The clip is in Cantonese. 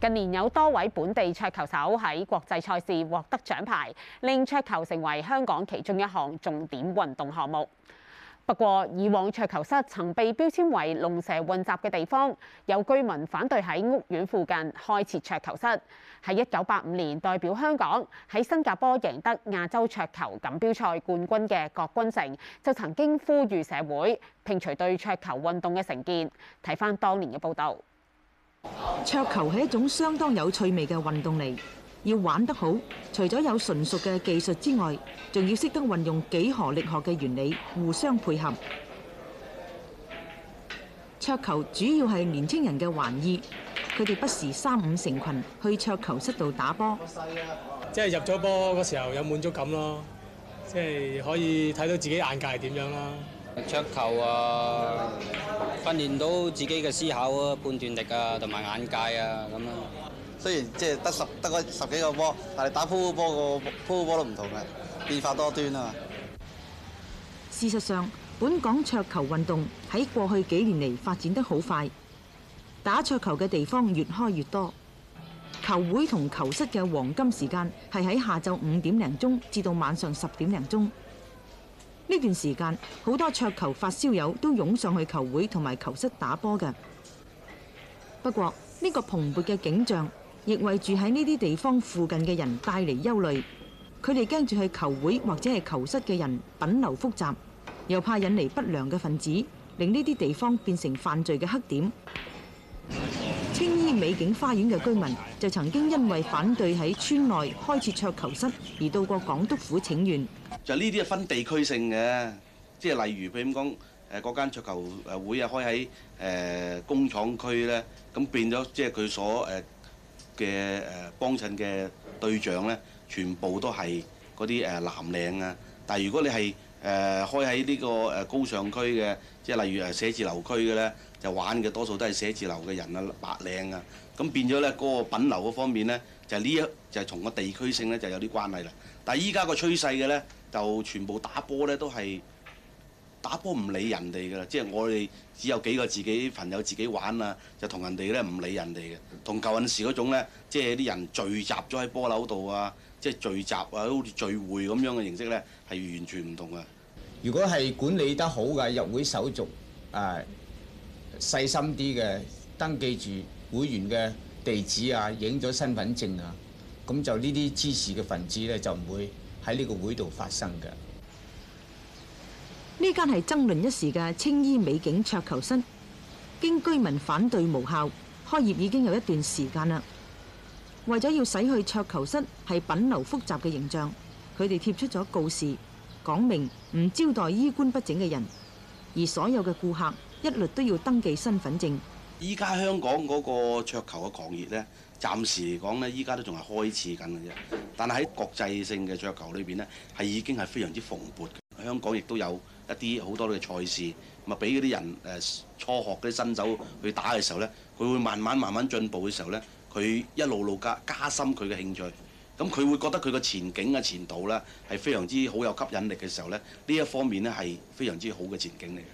近年有多位本地桌球手喺國際賽事獲得獎牌，令桌球成為香港其中一項重點運動項目。不過，以往桌球室曾被標籤為龍蛇混雜嘅地方，有居民反對喺屋苑附近開設桌球室。喺一九八五年代表香港喺新加坡贏得亞洲桌球錦標賽冠軍嘅郭軍城，就曾經呼籲社會摒除對桌球運動嘅成見。睇翻當年嘅報導。桌球係一種相當有趣味嘅運動嚟，要玩得好，除咗有純熟嘅技術之外，仲要識得運用幾何力學嘅原理互相配合。桌球主要係年輕人嘅玩意，佢哋不時三五成群去桌球室度打波。即係入咗波嗰時候有滿足感咯，即係可以睇到自己眼界係點樣咯。桌球啊，訓練到自己嘅思考啊、判斷力啊同埋眼界啊咁樣。雖然即係得十得十幾個波，但係打鋪波個鋪波都唔同嘅，變化多端啊。事實上，本港桌球運動喺過去幾年嚟發展得好快，打桌球嘅地方越開越多，球會同球室嘅黃金時間係喺下晝五點零鐘至到晚上十點零鐘。呢段時間，好多桌球發燒友都湧上去球會同埋球室打波嘅。不過呢個蓬勃嘅景象，亦為住喺呢啲地方附近嘅人帶嚟憂慮。佢哋驚住係球會或者係球室嘅人品流複雜，又怕引嚟不良嘅分子，令呢啲地方變成犯罪嘅黑點。京衣美景花園嘅居民就曾經因為反對喺村內開設桌球室而到過港督府請願。就呢啲係分地區性嘅，即係例如譬如咁講？誒，嗰間桌球誒會啊開喺誒工廠區咧，咁變咗即係佢所誒嘅誒幫襯嘅對象咧，全部都係嗰啲誒藍領啊。但係如果你係誒、呃、開喺呢個誒高尚區嘅，即係例如誒寫字樓區嘅呢，就玩嘅多數都係寫字樓嘅人啊，白領啊，咁變咗呢嗰、那個品流嗰方面呢，就呢一就係從個地區性呢就有啲關係啦。但係依家個趨勢嘅呢，就全部打波呢都係。打波唔理人哋噶啦，即係我哋只有幾個自己朋友自己玩啊，就同人哋咧唔理人哋嘅。同舊陣時嗰種咧，即係啲人聚集咗喺波樓度啊，即係聚集啊，好似聚會咁樣嘅形式咧，係完全唔同噶。如果係管理得好嘅入會手續，誒、呃、細心啲嘅登記住會員嘅地址啊，影咗身份證啊，咁就呢啲滋事嘅分子咧就唔會喺呢個會度發生嘅。呢間係爭論一時嘅青衣美景桌球室，經居民反對無效，開業已經有一段時間啦。為咗要洗去桌球室係品流複雜嘅形象，佢哋貼出咗告示，講明唔招待衣冠不整嘅人，而所有嘅顧客一律都要登記身份證。依家香港嗰個桌球嘅狂熱呢，暫時嚟講呢，依家都仲係開始緊嘅啫。但係喺國際性嘅桌球裏邊呢，係已經係非常之蓬勃嘅。香港亦都有一啲好多嘅賽事，咪俾嗰啲人誒初學嗰啲新手去打嘅時候咧，佢會慢慢慢慢進步嘅時候咧，佢一路路加加深佢嘅興趣，咁佢會覺得佢個前景嘅前途咧係非常之好，有吸引力嘅時候咧，呢一方面咧係非常之好嘅前景嚟嘅。